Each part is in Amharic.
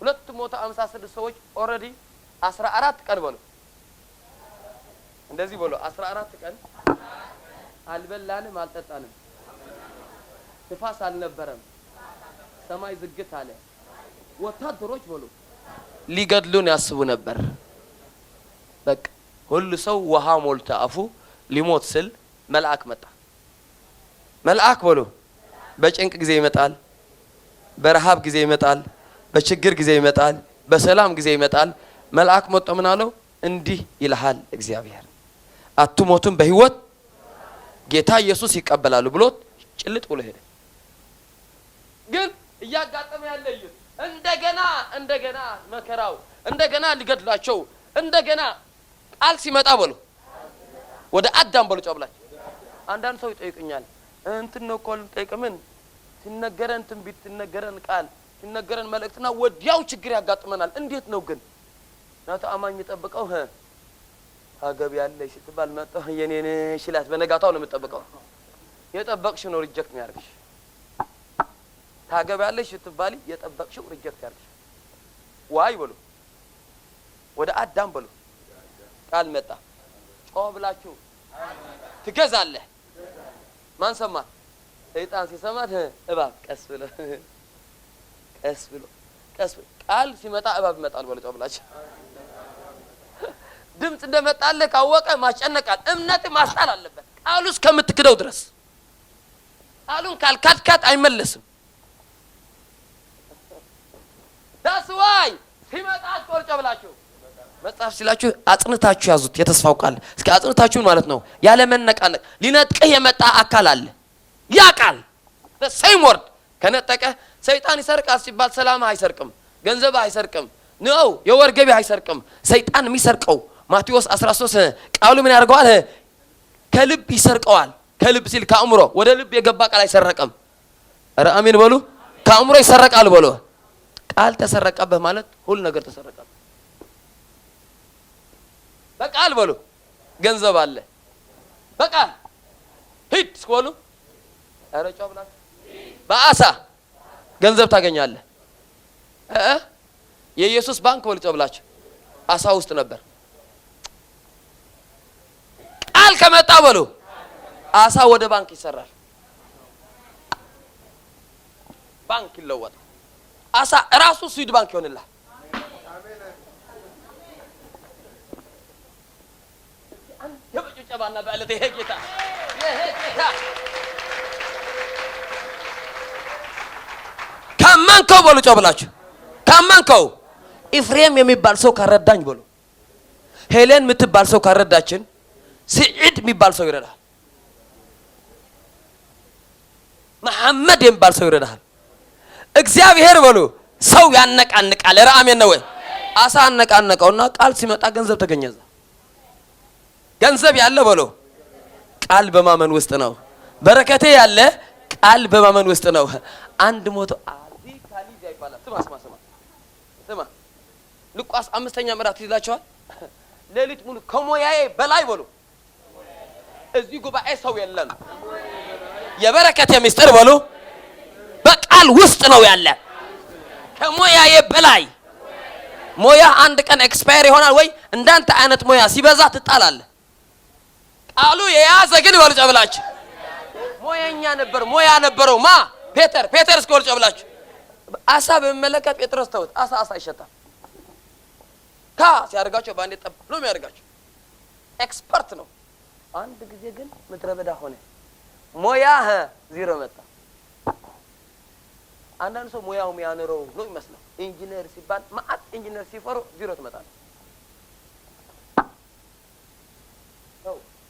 ሁለት መቶ አምሳ ስድስት ሰዎች ኦልሬዲ አስራ አራት ቀን በሉ እንደዚህ በሉ አስራ አራት ቀን አልበላንም፣ አልጠጣንም፣ ንፋስ አልነበረም፣ ሰማይ ዝግት አለ። ወታደሮች በሉ ሊገድሉን ያስቡ ነበር። በቃ ሁሉ ሰው ውሃ ሞልተ አፉ ሊሞት ስል መልአክ መጣ። መልአክ በሉ በጭንቅ ጊዜ ይመጣል፣ በረሃብ ጊዜ ይመጣል። በችግር ጊዜ ይመጣል፣ በሰላም ጊዜ ይመጣል። መልአክ መጥቶ ምን አለው? እንዲህ ይልሃል እግዚአብሔር አትሞትም በህይወት ጌታ ኢየሱስ ይቀበላሉ ብሎት ጭልጥ ብሎ ሄደ። ግን እያጋጠመ ያለ እዩት። እንደገና እንደገና መከራው እንደገና ሊገድላቸው እንደገና ቃል ሲመጣ በሉ ወደ አዳም በሉ ጨብላቸው። አንዳንድ ሰው ይጠይቁኛል እንትን ነው እኮ ልንጠይቅ ምን ሲነገረን ትንቢት ሲነገረን ቃል ሲነገረን መልእክትና ወዲያው ችግር ያጋጥመናል። እንዴት ነው ግን ናቱ አማኝ የሚጠብቀው አገብ ያለሽ ስትባል መጣ የኔን ሽላት በነጋታው ነው የምጠብቀው። የጠበቅሽው ነው ሪጀክት የሚያርግሽ። ታገብ ያለሽ ስትባል የጠበቅሽው ሪጀክት ያርግሽ። ዋይ በሉ ወደ አዳም በሉ ቃል መጣ። ጮህ ብላችሁ ትገዛለህ። ማን ሰማት? ሰይጣን ሲሰማት እባብ ቀስ ብለህ ቀስ ብሎ ቀስ ቃል ሲመጣ እባብ ይመጣል። በለጫ ብላችሁ ድምፅ እንደመጣለ ካወቀ ማስጨነቃል። እምነት ማስጣል አለበት። ቃሉ እስከምትክደው ድረስ ቃሉን ካልካድካት አይመለስም። ዳስዋይ ሲመጣ አትቆርጮ ብላችሁ መጽሐፍ ሲላችሁ አጽንታችሁ ያዙት። የተስፋው ቃል እስኪ አጽንታችሁን ማለት ነው። ያለመነቃነቅ መነቃነቅ ሊነጥቅህ የመጣ አካል አለ። ያ ቃል ሰይም ወርድ ከነጠቀ ሰይጣን ይሰርቃል ሲባል ሰላም አይሰርቅም፣ ገንዘብ አይሰርቅም፣ ነው የወር ገቢ አይሰርቅም። ሰይጣን የሚሰርቀው ማቴዎስ 13 ቃሉ ምን ያደርገዋል? ከልብ ይሰርቀዋል። ከልብ ሲል ከአእምሮ ወደ ልብ የገባ ቃል አይሰረቅም። ረ አሜን በሉ። ከአእምሮ ይሰረቃል በሉ። ቃል ተሰረቀበህ ማለት ሁሉ ነገር ተሰረቀ። በቃል በሉ ገንዘብ አለ። በቃል ሂድ እስከ በሉ ኧረ ብላችሁ በአሳ ገንዘብ ታገኛለህ። የኢየሱስ ባንክ ወልጮ ብላችሁ አሳ ውስጥ ነበር። ቃል ከመጣ በሉ አሳ ወደ ባንክ ይሰራል። ባንክ ይለወጣል። አሳ እራሱ ስዊድ ባንክ ይሆንላል። ጨባና በዕለት ይሄ ጌታ ይሄ ጌታ ካመንከው በሉ፣ ጮህ ብላችሁ ካመንከው። ኢፍሬም የሚባል ሰው ካረዳኝ በሉ፣ ሄሌን የምትባል ሰው ካረዳችን፣ ስዒድ የሚባል ሰው ይረዳል። መሐመድ የሚባል ሰው ይረዳል። እግዚአብሔር በሉ ሰው ያነቃንቃል። ረአሜን ነው ወይ? አሳ አነቃነቀውና ቃል ሲመጣ ገንዘብ ተገኘ። እዛ ገንዘብ ያለ በሎ ቃል በማመን ውስጥ ነው። በረከቴ ያለ ቃል በማመን ውስጥ ነው። አንድ ሞቶ ስማ ስማ ስማ ስማ ልቋስ አምስተኛ ምዕራፍ ይላቸዋል። ሌሊት ሙሉ ከሞያዬ በላይ በሉ። እዚህ ጉባኤ ሰው የለም። የበረከት የሚስጥር በሉ በቃል ውስጥ ነው ያለ። ከሞያዬ በላይ ሞያ አንድ ቀን ኤክስፓየር ይሆናል። ወይ እንዳንተ አይነት ሞያ ሲበዛ ትጣላለ። ቃሉ የያዘ ግን በሉ ጨብላችሁ ሞያኛ ነበር ሞያ ነበረው ማ ፔተር ፔተር እስኪ በሉ ጨብላችሁ አሳ በሚመለከት ጴጥሮስ ተውት። አሳ አሳ ይሸጣል። ካ ሲያደርጋቸው በአንዴ ጠብ ብሎ የሚያደርጋቸው ኤክስፐርት ነው። አንድ ጊዜ ግን ምድረ በዳ ሆነ። ሞያህ ዜሮ መጣ። አንዳንድ ሰው ሙያው የሚያኖረው ነው ይመስላል። ኢንጂነር ሲባል ማአት ኢንጂነር ሲፈሩ ዜሮ ትመጣል።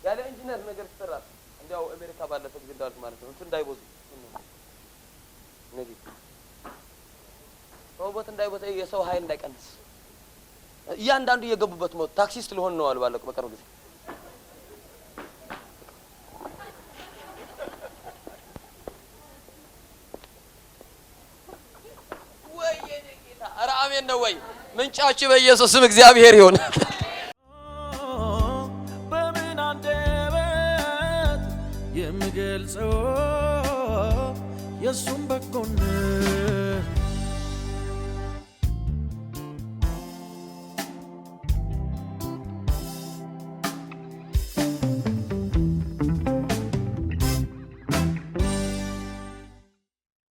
ያለ ኢንጂነር ነገር ይሰራል። እንዲያው አሜሪካ ባለፈ ጊዜ እንዳልኩ ማለት ነው እንዳይቦዙ እነዚህ ሮቦት እንዳይቦት የሰው ኃይል እንዳይቀንስ እያንዳንዱ እየገቡበት ሞት ታክሲስት ልሆን ነው አሉ ባለቁ በቅርብ ጊዜ አሜን ነው ወይ? ምንጫች በኢየሱስ ስም እግዚአብሔር ይሁን። በምን አንደበት የምገልጸው የእሱም በጎነት